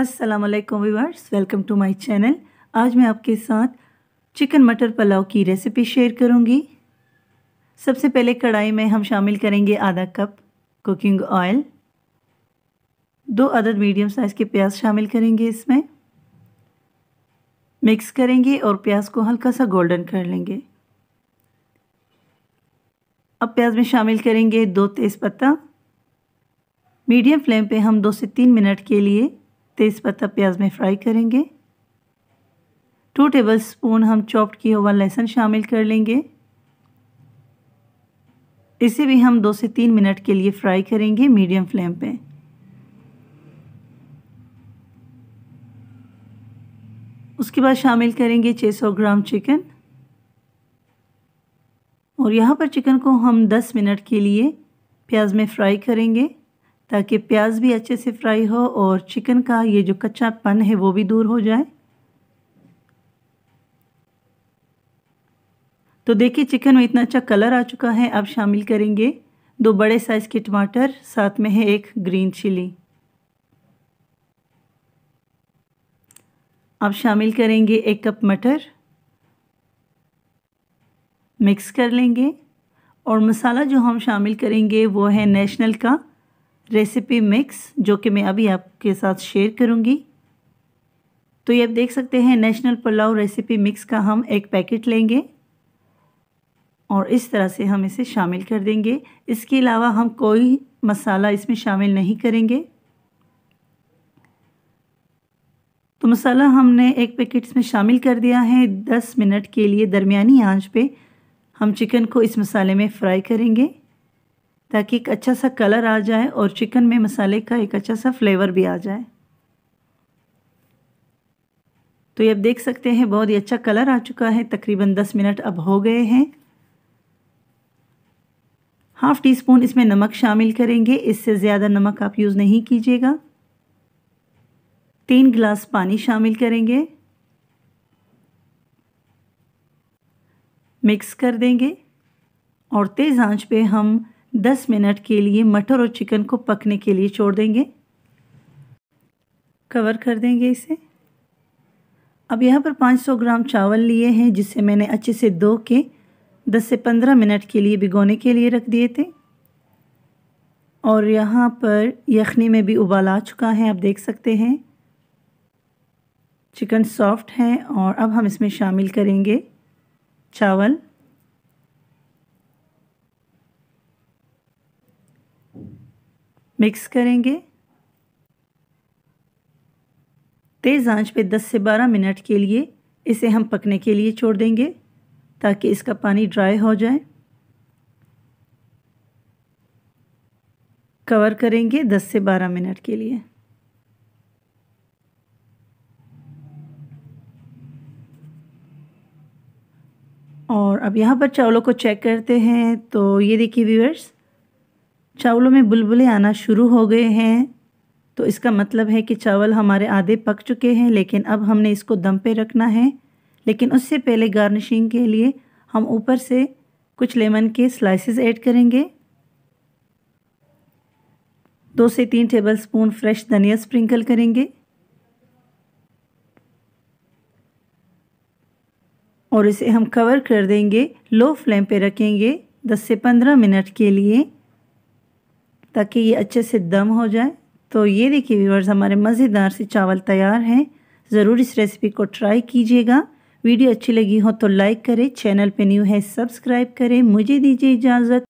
अस्सलाम वालेकुम viewers welcome to my channel आज मैं आपके साथ चिकन मटर पुलाव की रेसिपी शेयर करूंगी सबसे पहले कढ़ाई में हम शामिल करेंगे आधा कप कुकिंग ऑयल दो अदद मीडियम साइज़ के प्याज शामिल करेंगे इसमें मिक्स करेंगे और प्याज को हल्का सा गोल्डन कर लेंगे अब प्याज में शामिल करेंगे दो तेज़पत्ता मीडियम फ्लेम पे हम दो से तीन मिनट के लिए तेज़पत्ता प्याज में फ्राई करेंगे टू टेबल स्पून हम चॉप्ड किया हुआ लहसुन शामिल कर लेंगे इसे भी हम दो से तीन मिनट के लिए फ्राई करेंगे मीडियम फ्लेम पे उसके बाद शामिल करेंगे 600 ग्राम चिकन और यहाँ पर चिकन को हम 10 मिनट के लिए प्याज में फ्राई करेंगे ताकि प्याज भी अच्छे से फ्राई हो और चिकन का ये जो कच्चा पन है वो भी दूर हो जाए तो देखिए चिकन में इतना अच्छा कलर आ चुका है अब शामिल करेंगे दो बड़े साइज़ के टमाटर साथ में है एक ग्रीन चिली अब शामिल करेंगे एक कप मटर मिक्स कर लेंगे और मसाला जो हम शामिल करेंगे वो है नेशनल का रेसिपी मिक्स जो कि मैं अभी आपके साथ शेयर करूँगी तो ये आप देख सकते हैं नेशनल पुलाव रेसिपी मिक्स का हम एक पैकेट लेंगे और इस तरह से हम इसे शामिल कर देंगे इसके अलावा हम कोई मसाला इसमें शामिल नहीं करेंगे तो मसाला हमने एक पैकेट इसमें शामिल कर दिया है दस मिनट के लिए दरमिया आँच पे हम चिकन को इस मसाले में फ्राई करेंगे ताकि एक अच्छा सा कलर आ जाए और चिकन में मसाले का एक अच्छा सा फ्लेवर भी आ जाए तो ये आप देख सकते हैं बहुत ही अच्छा कलर आ चुका है तकरीबन दस मिनट अब हो गए हैं हाफ़ टी स्पून इसमें नमक शामिल करेंगे इससे ज़्यादा नमक आप यूज़ नहीं कीजिएगा तीन गिलास पानी शामिल करेंगे मिक्स कर देंगे और तेज़ आंच पे हम दस मिनट के लिए मटर और चिकन को पकने के लिए छोड़ देंगे कवर कर देंगे इसे अब यहाँ पर 500 ग्राम चावल लिए हैं जिसे मैंने अच्छे से धो के 10 से 15 मिनट के लिए भिगोने के लिए रख दिए थे और यहाँ पर यखनी में भी उबाल आ चुका है आप देख सकते हैं चिकन सॉफ्ट है और अब हम इसमें शामिल करेंगे चावल मिक्स करेंगे तेज़ आंच पे 10 से 12 मिनट के लिए इसे हम पकने के लिए छोड़ देंगे ताकि इसका पानी ड्राई हो जाए कवर करेंगे 10 से 12 मिनट के लिए और अब यहाँ पर चावलों को चेक करते हैं तो ये देखिए व्यूअर्स चावलों में बुलबुले आना शुरू हो गए हैं तो इसका मतलब है कि चावल हमारे आधे पक चुके हैं लेकिन अब हमने इसको दम पे रखना है लेकिन उससे पहले गार्निशिंग के लिए हम ऊपर से कुछ लेमन के स्लाइसेस ऐड करेंगे दो से तीन टेबल स्पून फ्रेश धनिया स्प्रिंकल करेंगे और इसे हम कवर कर देंगे लो फ्लेम पे रखेंगे 10 से 15 मिनट के लिए ताकि ये अच्छे से दम हो जाए तो ये देखिए व्यूवर्स हमारे मज़ेदार से चावल तैयार हैं ज़रूर इस रेसिपी को ट्राई कीजिएगा वीडियो अच्छी लगी हो तो लाइक करें चैनल पे न्यू है सब्सक्राइब करें मुझे दीजिए इजाज़त